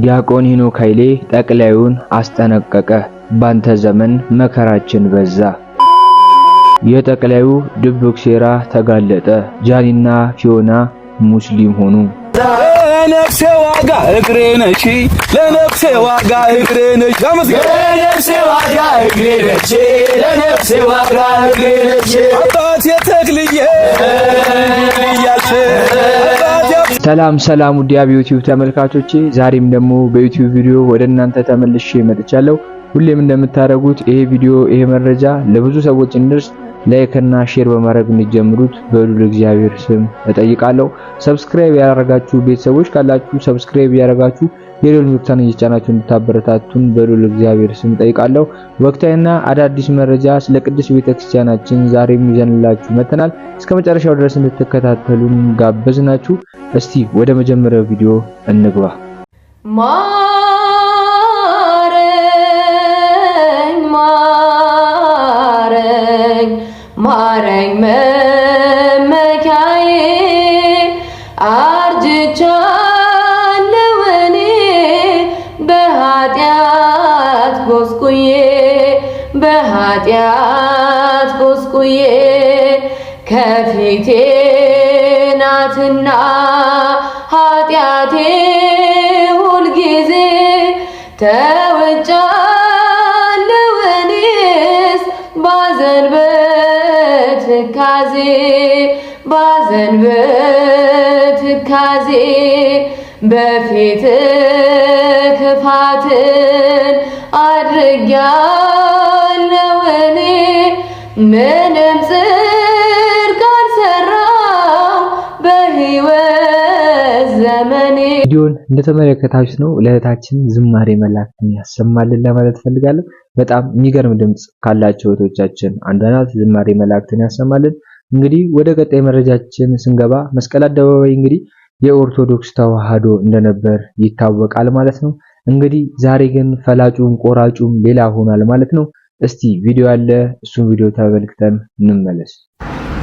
ዲያቆን ሄኖክ ኃይሌ ጠቅላዩን አስጠነቀቀ። ባንተ ዘመን መከራችን በዛ። የጠቅላዩ ድብቅ ሴራ ተጋለጠ። ጃኒና ፊዮና ሙስሊም ሆኑ። ለነፍሴ ዋጋ እግሬ ነች፣ ለነፍሴ ዋጋ እግሬ ነች፣ ለነፍሴ ዋጋ እግሬ ነች፣ ለነፍሴ ዋጋ እግሬ ነች አባት የተክልዬ ሰላም ሰላም ውድ የአብ ዩቲዩብ ተመልካቾቼ፣ ዛሬም ደግሞ በዩቲዩብ ቪዲዮ ወደ እናንተ ተመልሼ መጥቻለሁ። ሁሌም እንደምታደርጉት ይሄ ቪዲዮ ይሄ መረጃ ለብዙ ሰዎች እንድርስ ላይክ እና ሼር በማድረግ እንጀምሩት በሉል እግዚአብሔር ስም እጠይቃለሁ። ሰብስክራይብ ያደረጋችሁ ቤተሰቦች ካላችሁ ሰብስክራይብ ያደረጋችሁ የልዑል ምልክታን እየጫናችሁ እንድታበረታቱን በሉል እግዚአብሔር ስም ጠይቃለሁ። ወቅታዊና አዳዲስ መረጃ ስለ ቅዱስ ቤተክርስቲያናችን ዛሬም ይዘንላችሁ መተናል። እስከ መጨረሻው ድረስ እንድትከታተሉን ጋበዝናችሁ። እስቲ ወደ መጀመሪያው ቪዲዮ እንግባ። ማረኝ ማረኝ ማረኝ ኃጢአት ጎስቁዬ ከፊቴ ናትና ኃጢአቴ ሁልጊዜ ተወጫለሁ እኔስ ባዘን በትካዜ ባዘን በትካዜ በፊት ክፋትን አድርጊያ ምንም ጽድቅ አልሰራው ዘመኔ። ቪዲዮን ነው ለእህታችን ዝማሬ መላክ ያሰማልን ለማለት ፈልጋለሁ። በጣም የሚገርም ድምፅ ካላቸው እህቶቻችን አንዷ ናት። ዝማሬ መላእክትን ያሰማልን። እንግዲህ ወደ ቀጣይ መረጃችን ስንገባ መስቀል አደባባይ እንግዲህ የኦርቶዶክስ ተዋህዶ እንደነበር ይታወቃል ማለት ነው። እንግዲህ ዛሬ ግን ፈላጩም ቆራጩም ሌላ ሆኗል ማለት ነው። እስቲ ቪዲዮ አለ። እሱን ቪዲዮ ተመልክተን እንመለስ።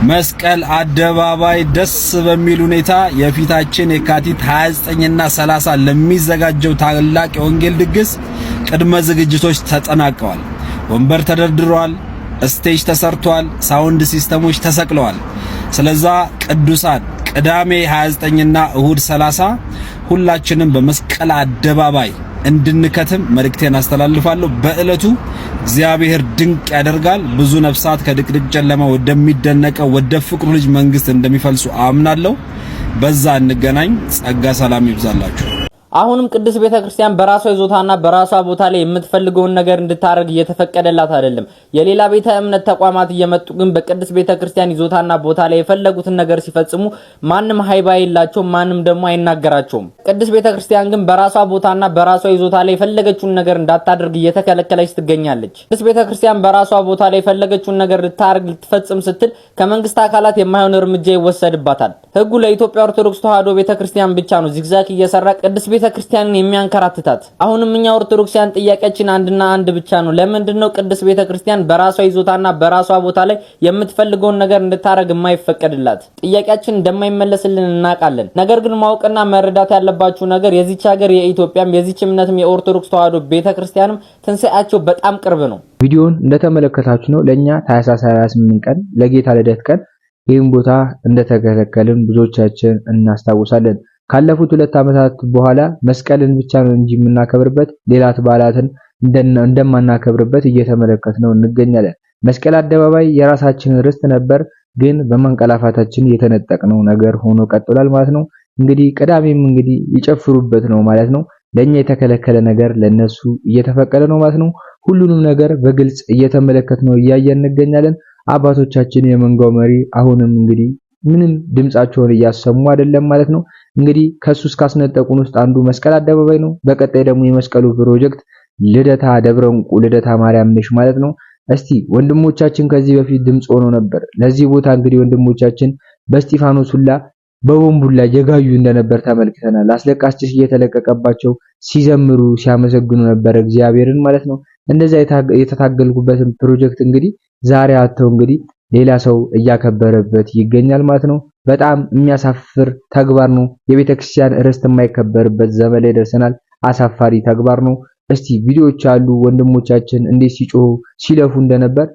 መስቀል አደባባይ ደስ በሚል ሁኔታ የፊታችን የካቲት 29 እና 30 ለሚዘጋጀው ታላቅ የወንጌል ድግስ ቅድመ ዝግጅቶች ተጠናቀዋል። ወንበር ተደርድሯል፣ ስቴጅ ተሰርቷል፣ ሳውንድ ሲስተሞች ተሰቅለዋል። ስለዛ ቅዱሳን ቅዳሜ 29 እና እሁድ 30 ሁላችንም በመስቀል አደባባይ እንድንከትም መልእክቴን አስተላልፋለሁ። በእለቱ እግዚአብሔር ድንቅ ያደርጋል። ብዙ ነፍሳት ከድቅድቅ ጨለማ ወደሚደነቀው ወደ ፍቅሩ ልጅ መንግስት እንደሚፈልሱ አምናለሁ። በዛ እንገናኝ። ጸጋ ሰላም ይብዛላችሁ። አሁንም ቅድስት ቤተ ክርስቲያን በራሷ ይዞታና በራሷ ቦታ ላይ የምትፈልገውን ነገር እንድታደርግ እየተፈቀደላት አይደለም። የሌላ ቤተ እምነት ተቋማት እየመጡ ግን በቅድስት ቤተ ክርስቲያን ይዞታና ቦታ ላይ የፈለጉትን ነገር ሲፈጽሙ ማንም ሀይባ የላቸውም፣ ማንም ደግሞ አይናገራቸውም። ቅድስት ቤተ ክርስቲያን ግን በራሷ ቦታና በራሷ ይዞታ ላይ የፈለገችውን ነገር እንዳታደርግ እየተከለከለች ትገኛለች። ቅድስት ቤተ ክርስቲያን በራሷ ቦታ ላይ የፈለገችውን ነገር ልታደርግ ልትፈጽም ስትል ከመንግስት አካላት የማይሆን እርምጃ ይወሰድባታል። ህጉ ለኢትዮጵያ ኦርቶዶክስ ተዋሕዶ ቤተ ክርስቲያን ብቻ ነው። ዚግዛግ እየሰራ ቅድስት ቤተ ክርስቲያንን የሚያንከራትታት። አሁንም እኛ ኦርቶዶክሲያን ጥያቄያችን አንድና አንድ ብቻ ነው። ለምንድን ነው ቅድስት ቤተ ክርስቲያን በራሷ ይዞታና በራሷ ቦታ ላይ የምትፈልገውን ነገር እንድታረግ የማይፈቀድላት? ጥያቄያችን እንደማይመለስልን እናውቃለን። ነገር ግን ማወቅና መረዳት ያለባችሁ ነገር የዚች ሀገር የኢትዮጵያም የዚች እምነትም የኦርቶዶክስ ተዋህዶ ቤተ ክርስቲያንም ትንሳኤያቸው በጣም ቅርብ ነው። ቪዲዮውን እንደተመለከታችሁ ነው ለኛ ታህሳስ 28 ቀን ለጌታ ልደት ቀን ይህን ቦታ እንደተከለከልን ብዙዎቻችን እናስታውሳለን። ካለፉት ሁለት ዓመታት በኋላ መስቀልን ብቻ ነው እንጂ የምናከብርበት ሌላት በዓላትን እንደማናከብርበት እየተመለከት ነው እንገኛለን። መስቀል አደባባይ የራሳችን ርስት ነበር፣ ግን በማንቀላፋታችን የተነጠቅነው ነገር ሆኖ ቀጥሏል ማለት ነው። እንግዲህ ቅዳሜም እንግዲህ ይጨፍሩበት ነው ማለት ነው። ለኛ የተከለከለ ነገር ለነሱ እየተፈቀደ ነው ማለት ነው። ሁሉንም ነገር በግልጽ እየተመለከት ነው እያየን እንገኛለን። አባቶቻችን የመንጋው መሪ አሁንም እንግዲህ ምንም ድምጻቸውን እያሰሙ አይደለም ማለት ነው። እንግዲህ ከሱ እስካስነጠቁን ውስጥ አንዱ መስቀል አደባባይ ነው። በቀጣይ ደግሞ የመስቀሉ ፕሮጀክት ልደታ ደብረ እንቁ ልደታ ማርያም ነሽ ማለት ነው። እስቲ ወንድሞቻችን ከዚህ በፊት ድምፅ ሆኖ ነበር። ለዚህ ቦታ እንግዲህ ወንድሞቻችን በእስጢፋኖስ ሁላ በቦምቡላ የጋዩ እንደነበር ተመልክተናል። አስለቃሽ ጭስ እየተለቀቀባቸው ሲዘምሩ ሲያመሰግኑ ነበር እግዚአብሔርን ማለት ነው። እንደዛ የተታገልኩበትን ፕሮጀክት እንግዲህ ዛሬ አተው እንግዲህ ሌላ ሰው እያከበረበት ይገኛል ማለት ነው። በጣም የሚያሳፍር ተግባር ነው። የቤተክርስቲያን ርስት የማይከበርበት ዘመን ላይ ደርሰናል። አሳፋሪ ተግባር ነው። እስቲ ቪዲዮዎች አሉ ወንድሞቻችን እንዴት ሲጮሁ ሲለፉ እንደነበር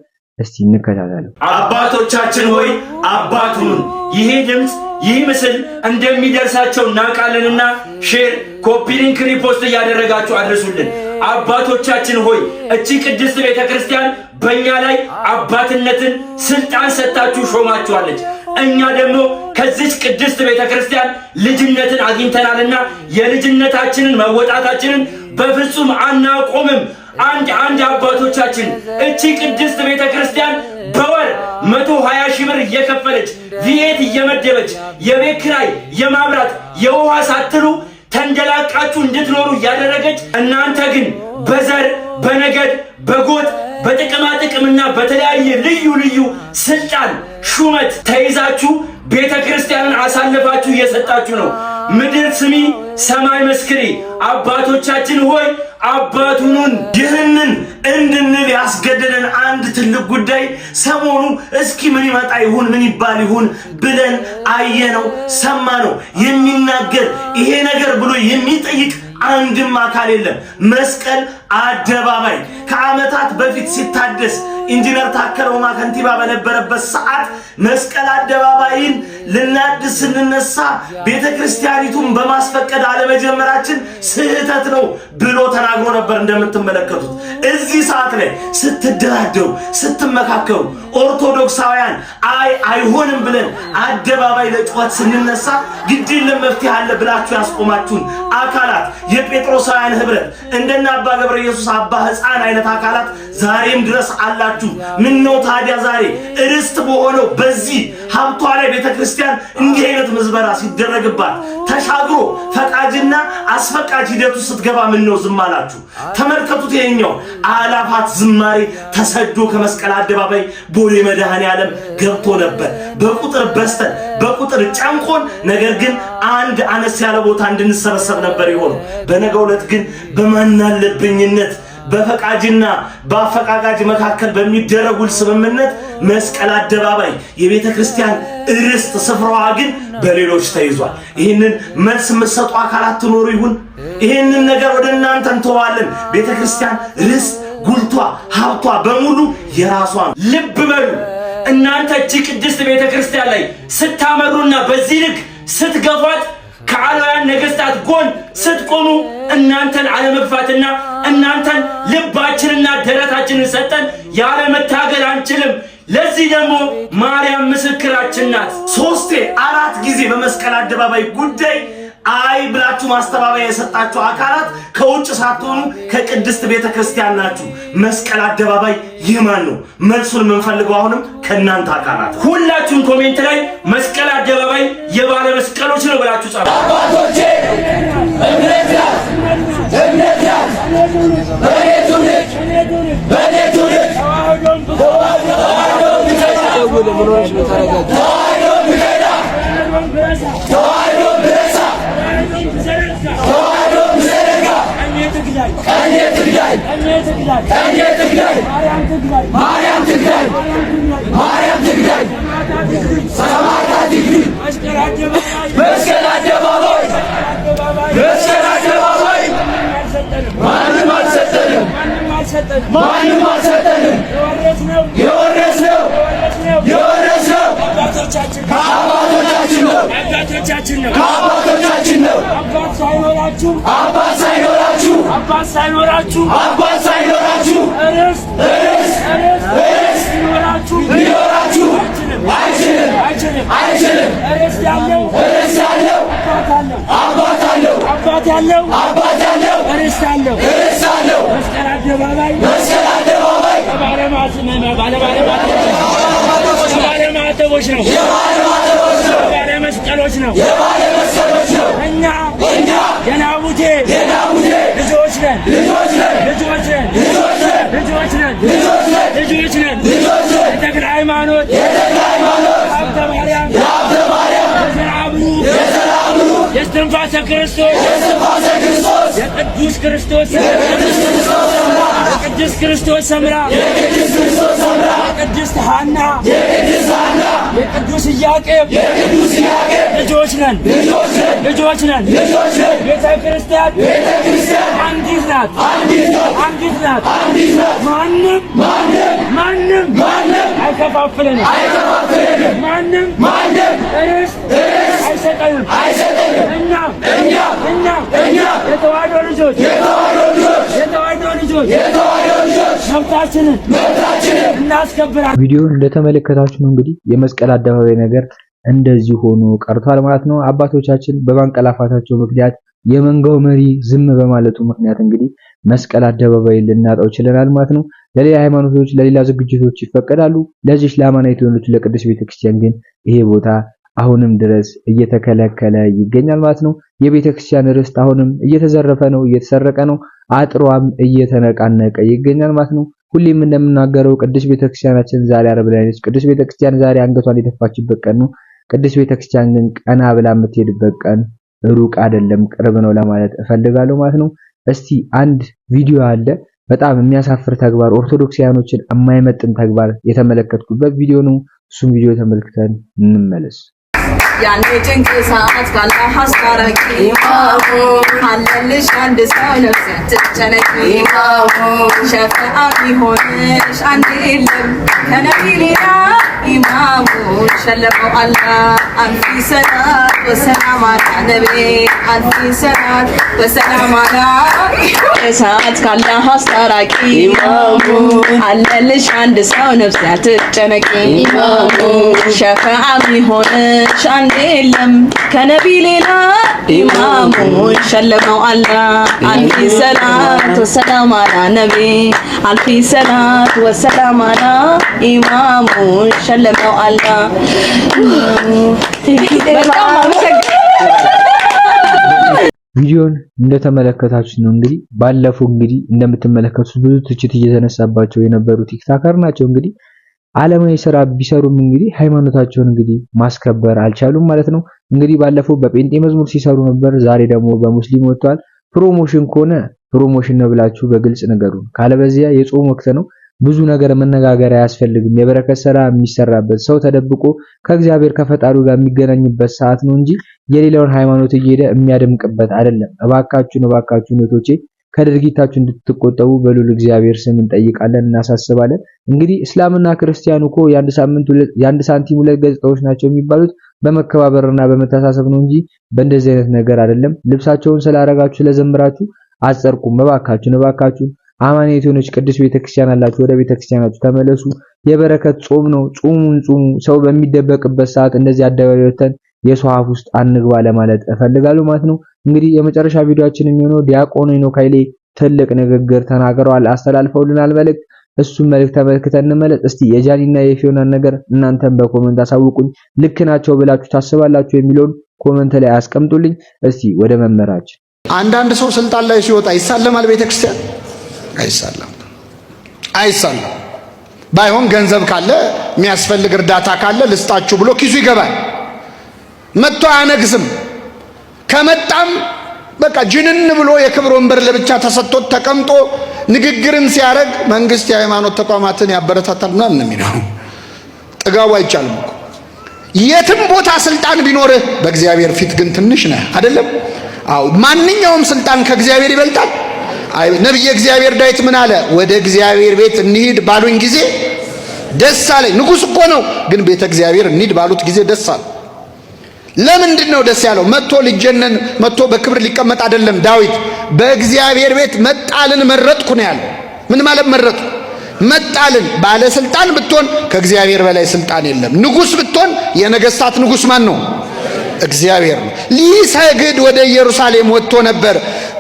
እስቲ እንከታተሉ። አባቶቻችን ሆይ አባቱን ይሄ ድምፅ ይህ ምስል እንደሚደርሳቸው እናውቃለንና ሼር፣ ኮፒሪንግ፣ ሪፖስት እያደረጋችሁ አድርሱልን። አባቶቻችን ሆይ እቺ ቅድስት ቤተ ክርስቲያን በእኛ ላይ አባትነትን ስልጣን ሰጥታችሁ ሾማችኋለች። እኛ ደግሞ ከዚች ቅድስት ቤተ ክርስቲያን ልጅነትን አግኝተናልና የልጅነታችንን መወጣታችንን በፍጹም አናቆምም። አንድ አንድ አባቶቻችን እቺ ቅድስት ቤተ ክርስቲያን በወር መቶ ሀያ ሺህ ብር እየከፈለች ቪኤት እየመደበች የቤት ኪራይ፣ የማብራት፣ የውሃ ሳትሉ ተንደላቃችሁ እንድትኖሩ እያደረገች እናንተ ግን በዘር በነገድ በጎጥ በጥቅማ ጥቅምና በተለያየ ልዩ ልዩ ስልጣን ሹመት ተይዛችሁ ቤተ ክርስቲያንን አሳልፋችሁ እየሰጣችሁ ነው። ምድር ስሚ፣ ሰማይ መስክሪ፣ አባቶቻችን ሆይ አባቱኑን ይህንን እንድንል ያስገደደን አንድ ትልቅ ጉዳይ ሰሞኑ እስኪ ምን ይመጣ ይሁን ምን ይባል ይሁን ብለን አየነው፣ ሰማነው። የሚናገር ይሄ ነገር ብሎ የሚጠይቅ አንድም አካል የለም። መስቀል አደባባይ ከዓመታት በፊት ሲታደስ ኢንጂነር ታከለ ኡማ ከንቲባ በነበረበት ሰዓት መስቀል አደባባይን ልናድስ ስንነሳ ቤተ ክርስቲያኒቱን በማስፈቀድ አለመጀመራችን ስህተት ነው ብሎ ተናግሮ ነበር። እንደምትመለከቱት እዚህ ሰዓት ላይ ስትደራደሩ፣ ስትመካከሩ ኦርቶዶክሳውያን አይ አይሆንም ብለን አደባባይ ለጩኸት ስንነሳ ግድ የለም መፍትሄ አለ ብላችሁ ያስቆማችሁን አካላት የጴጥሮሳውያን ህብረት እንደነ አባ ገብረ ኢየሱስ አባ ህፃን አይነት አካላት ዛሬም ድረስ አላችሁ። ያላችሁ ምን ነው ታዲያ ዛሬ እርስት በሆነው በዚህ ሀብቷ ላይ ቤተክርስቲያን እንዲህ አይነት ምዝበራ ሲደረግባት ተሻግሮ ፈቃጅና አስፈቃጅ ሂደቱ ስትገባ ምን ነው ዝም አላችሁ? ተመልከቱት። ይሄኛው አላፋት ዝማሬ ተሰዶ ከመስቀል አደባባይ ቦሌ መድኃኔ ዓለም ገብቶ ነበር። በቁጥር በስተን በቁጥር ጨንቆን፣ ነገር ግን አንድ አነስ ያለ ቦታ እንድንሰበሰብ ነበር የሆነው። በነገው ዕለት ግን በማናለብኝነት በፈቃጅና በአፈቃጋጅ መካከል በሚደረጉ ስምምነት መስቀል አደባባይ የቤተ ክርስቲያን ርስት ስፍራዋ ግን በሌሎች ተይዟል። ይህንን መልስ የምትሰጡ አካላት ትኖሩ ይሁን? ይህንን ነገር ወደ እናንተ እንተዋለን። ቤተ ክርስቲያን ርስት፣ ጉልቷ፣ ሀብቷ በሙሉ የራሷ ነው። ልብ በሉ እናንተ እጅ ቅድስት ቤተ ክርስቲያን ላይ ስታመሩና በዚህ ልክ ስትገፏት ከአላውያን ነገሥታት ጎን ስትቆሙ እናንተን አለመግፋትና እናንተን ልባችንና ደረታችንን ሰጠን ያለመታገል አንችልም። ለዚህ ደግሞ ማርያም ምስክራችን ናት። ሶስቴ አራት ጊዜ በመስቀል አደባባይ ጉዳይ አይ ብላችሁ ማስተባበያ የሰጣችሁ አካላት ከውጭ ሳትሆኑ ከቅድስት ቤተ ክርስቲያን ናችሁ። መስቀል አደባባይ ይህ ነው? መልሱን የምንፈልገው አሁንም ከእናንተ አካላት ሁላችሁም ኮሜንት ላይ መስቀል አደባባይ የባለ መስቀሎች ነው ብላችሁ ጻፉ። አባቶቼ እምነት ያዝ እምነት ያዝ በእኔ ትውልድ በእኔ ትውልድ ተዋህዶ ተዋህዶ Her yer Tigray. Her yer Tigray. Mariam Tigray. Mariam Tigray. Samara Tigray. Lütfen anne babayı. Lütfen anne babayı. Malum mal setlerim. Malum mal setlerim. Malum mal setlerim. ከአባቶቻችን ነው ከአባቶቻችን ነው። አባት ሳይኖራችሁ አባት ሳይኖራችሁ አባት ሳይኖራችሁ አባት ሳይኖራችሁ ርስት ርስት ርስት ሊኖራችሁ ሊኖራችሁ አይችልም አይችልም አይችልም። ርስት ያለው ርስት ያለው አባት አለው አባት ያለው አባት ያለው ርስት አለው ርስት አለው መስቀል አደባባይ መስቀል አደባባይ ባለማዕተቦች ነው ባለማዕተቦች ነው ባለማዕተቦች ነው መስቀሎች ነው የባለ መስቀሎች ነው። እኛ እኛ የናቡቴ የናቡቴ ልጆች ነን ልጆች ነን ክርስቶስ የቅዱስ ክርስቶስ የቅዱስ ክርስቶስ ሰምራ የቅድስት ሐና የቅዱስ ኢያቄም ልጆች ነን ልጆች ነን። ቤተ ክርስቲያን አንዲት ናት አንዲት ናት። ማንም ማንም አይከፋፍለንም ማንም አይሰጠንም አይሰጠንም። እኛ እኛ እኛ እኛ የተዋህዶ ልጆች የተዋህዶ ልጆች የተዋህዶ ልጆች የተዋህዶ ልጆች መብታችንን መብታችንን እናስከብራለን። ቪዲዮውን እንደተመለከታችሁ ነው እንግዲህ የመስቀል አደባባይ ነገር እንደዚህ ሆኖ ቀርቷል ማለት ነው። አባቶቻችን በማንቀላፋታቸው ምክንያት የመንጋው መሪ ዝም በማለቱ ምክንያት እንግዲህ መስቀል አደባባይ ልናጣው ችለናል ማለት ነው። ለሌላ ሃይማኖቶች፣ ለሌላ ዝግጅቶች ይፈቀዳሉ። ለዚህ ለአማናዊት የሆነች ቤተክርስቲያን ግን ይሄ ቦታ አሁንም ድረስ እየተከለከለ ይገኛል ማለት ነው። የቤተ ክርስቲያን ርስት አሁንም እየተዘረፈ ነው፣ እየተሰረቀ ነው። አጥሯም እየተነቃነቀ ይገኛል ማለት ነው። ሁሌም እንደምናገረው ቅዱስ ቤተክርስቲያናችን ዛሬ አረብ ላይ ነች። ቅዱስ ቤተክርስቲያን ዛሬ አንገቷን የደፋችበት ቀን ነው። ቅዱስ ክርስቲያን ግን ቀና ብላ የምትሄድበት ቀን ሩቅ አይደለም፣ ቅርብ ነው ለማለት እፈልጋለሁ ማለት ነው። እስቲ አንድ ቪዲዮ አለ በጣም የሚያሳፍር ተግባር፣ ኦርቶዶክሲያኖችን የማይመጥን ተግባር የተመለከትኩበት ቪዲዮ ነው። እሱም ቪዲዮ ተመልክተን እንመለስ። ያኔ ጭንቅ ሰዓት ካለ ሀስታረቂ አለልሽ አንድ ሰው ነፍስ ትጨነቂ ሸፈአ ቢሆንሽ አንድ የለም ከነቢ ሌላ إمام سلم الله ألف صلاة وسلام على نبي ألف صلاة وسلام على እሳት ካላህ አስታራቂ ኢማሙ አለልሽ አንድ ሰው ነፍስ አትጨነቂ ኢማሙ ሸፈዓ ሚሆንሽ አንድ የለም ከነቢ ሌላ ኢማሙን ሸለመው አላ አልፊ ሰላት ወሰላም አላ ነቢ አልፊ ሰላት ወሰላም አላ ኢማሙን ያሸለመው አላ ቪዲዮን እንደተመለከታችሁ ነው። እንግዲህ ባለፈው እንግዲህ እንደምትመለከቱት ብዙ ትችት እየተነሳባቸው የነበሩ ቲክታከር ናቸው። እንግዲህ አለማዊ ስራ ቢሰሩም እንግዲህ ሃይማኖታቸውን እንግዲህ ማስከበር አልቻሉም ማለት ነው። እንግዲህ ባለፈው በጴንጤ መዝሙር ሲሰሩ ነበር። ዛሬ ደግሞ በሙስሊም ወጥቷል። ፕሮሞሽን ከሆነ ፕሮሞሽን ነው ብላችሁ በግልጽ ነገሩ። ካለበዚያ የጾም ወቅት ነው። ብዙ ነገር መነጋገር አያስፈልግም። የበረከት ስራ የሚሰራበት ሰው ተደብቆ ከእግዚአብሔር ከፈጣሪው ጋር የሚገናኝበት ሰዓት ነው እንጂ የሌላውን ሃይማኖት እየሄደ የሚያደምቅበት አይደለም። እባካችሁን እባካችሁ እህቶቼ ከድርጊታችሁ እንድትቆጠቡ በሉል እግዚአብሔር ስም እንጠይቃለን፣ እናሳስባለን። እንግዲህ እስላምና ክርስቲያኑ እኮ የአንድ ሳምንት የአንድ ሳንቲም ሁለት ገጽታዎች ናቸው የሚባሉት በመከባበርና በመተሳሰብ ነው እንጂ በእንደዚህ አይነት ነገር አይደለም። ልብሳቸውን ስላረጋችሁ ስለዘምራችሁ አጸርቁም። እባካችሁን እባካችሁን አማኔት የሆነች ቅዱስ ቤተክርስቲያን አላችሁ፣ ወደ ቤተክርስቲያናችሁ ተመለሱ። የበረከት ጾም ነው። ጾሙን ጾሙ። ሰው በሚደበቅበት ሰዓት እንደዚህ አደባባይ ወተን የሰው ውስጥ አንግባ ለማለት እፈልጋለሁ ማለት ነው። እንግዲህ የመጨረሻ ቪዲዮአችን የሚሆነው ዲያቆን ሄኖክ ኃይሌ ትልቅ ንግግር ተናግረዋል፣ አስተላልፈውልናል መልእክት። እሱም መልእክት ተመልክተን እንመለስ። እስቲ የጃኒና የፊዮናን ነገር እናንተን በኮመንት አሳውቁኝ። ልክ ናቸው ብላችሁ ታስባላችሁ የሚለውን ኮመንት ላይ አስቀምጡልኝ። እስቲ ወደ መመራችን አንዳንድ ሰው ስልጣን ላይ ሲወጣ ይሳለማል ቤተክርስቲያን አይሳላም አይሳላም። ባይሆን ገንዘብ ካለ የሚያስፈልግ እርዳታ ካለ ልስጣችሁ ብሎ ኪሱ ይገባል። መጥቶ አያነግዝም ከመጣም በቃ ጅንን ብሎ የክብር ወንበር ለብቻ ተሰጥቶት ተቀምጦ ንግግርን ሲያደርግ መንግስት የሃይማኖት ተቋማትን ያበረታታል ምናምን ነው የሚለው። ጥጋቡ አይቻልም እኮ የትም ቦታ ስልጣን ቢኖርህ በእግዚአብሔር ፊት ግን ትንሽ ነህ። አይደለም? አዎ ማንኛውም ስልጣን ከእግዚአብሔር ይበልጣል። ነቢየ እግዚአብሔር ዳዊት ምን አለ? ወደ እግዚአብሔር ቤት እንሂድ ባሉኝ ጊዜ ደስ አለኝ። ንጉሥ እኮ ነው፣ ግን ቤተ እግዚአብሔር እንሂድ ባሉት ጊዜ ደስ አለ። ለምንድን ነው ደስ ያለው? መጥቶ ሊጀነን መጥቶ በክብር ሊቀመጥ አይደለም። ዳዊት በእግዚአብሔር ቤት መጣልን መረጥኩ ነው ያለው። ምን ማለት መረጥኩ? መጣልን ባለስልጣን ብትሆን ከእግዚአብሔር በላይ ስልጣን የለም። ንጉሥ ብትሆን የነገስታት ንጉሥ ማን ነው? እግዚአብሔር ነው። ሊሰግድ ወደ ኢየሩሳሌም ወጥቶ ነበር።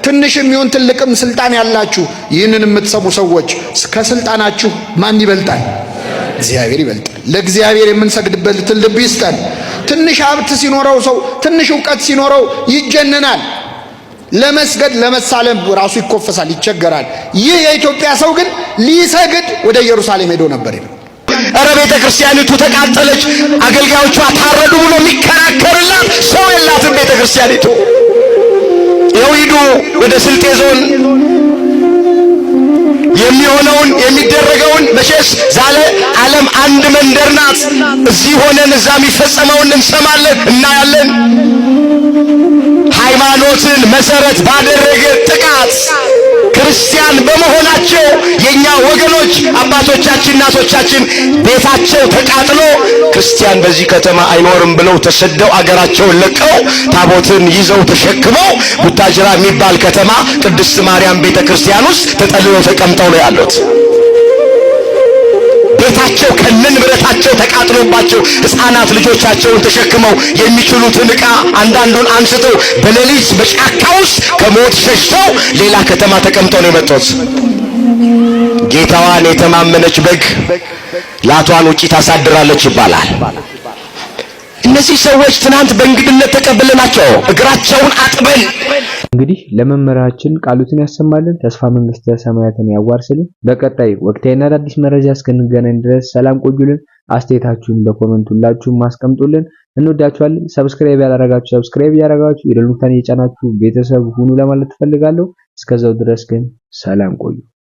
ትንሽም ይሁን ትልቅም ስልጣን ያላችሁ ይህንን የምትሰሙ ሰዎች ከስልጣናችሁ ማን ይበልጣል? እግዚአብሔር ይበልጣል። ለእግዚአብሔር የምንሰግድበት ልብ ይስጠን። ትንሽ ሀብት ሲኖረው ሰው ትንሽ እውቀት ሲኖረው ይጀንናል ለመስገድ ለመሳለም ራሱ ይኮፈሳል፣ ይቸገራል። ይህ የኢትዮጵያ ሰው ግን ሊሰግድ ወደ ኢየሩሳሌም ሄዶ ነበር። እረ ቤተ ክርስቲያኒቱ ተቃጠለች፣ አገልጋዮቿ ታረዱ ብሎ የሚከራከርላት ሰው የላትም ቤተ ክርስቲያኒቱ ይኸው ሂዱ ወደ ስልጤ ዞን የሚሆነውን የሚደረገውን መቼስ ዛለ ዓለም አንድ መንደር ናት። እዚህ ሆነን እዛ የሚፈጸመውን እንሰማለን፣ እናያለን። ሃይማኖትን መሰረት ባደረገ ጥቃት ክርስቲያን በመሆናቸው አባቶቻችን እናቶቻችን ቤታቸው ተቃጥሎ ክርስቲያን በዚህ ከተማ አይኖርም ብለው ተሰደው አገራቸውን ለቀው ታቦትን ይዘው ተሸክመው ቡታጅራ የሚባል ከተማ ቅድስት ማርያም ቤተ ክርስቲያን ውስጥ ተጠልለው ተቀምጠው ነው ያሉት። ቤታቸው ከነንብረታቸው ተቃጥሎባቸው ሕፃናት ልጆቻቸውን ተሸክመው የሚችሉትን ዕቃ አንዳንዱን አንስተው በሌሊት በጫካ ውስጥ ከሞት ሸሽተው ሌላ ከተማ ተቀምጠው ነው የመጡት። ጌታዋን የተማመነች በግ ላቷን ውጪ ታሳድራለች ይባላል። እነዚህ ሰዎች ትናንት በእንግድነት ተቀብለናቸው እግራቸውን አጥበን እንግዲህ ለመምህራችን ቃሉትን ያሰማልን፣ ተስፋ መንግስተ ሰማያትን ያዋርስልን። በቀጣይ ወቅታዊና አዳዲስ መረጃ እስክንገናኝ ድረስ ሰላም ቆዩልን። አስተያየታችሁን በኮመንት ሁላችሁም አስቀምጡልን። እንወዳችኋለን። ሰብስክራይብ ያላረጋችሁ ሰብስክራይብ ያረጋችሁ የደሉታን የጫናችሁ ቤተሰብ ሁኑ ለማለት ትፈልጋለሁ። እስከዛው ድረስ ግን ሰላም ቆዩ።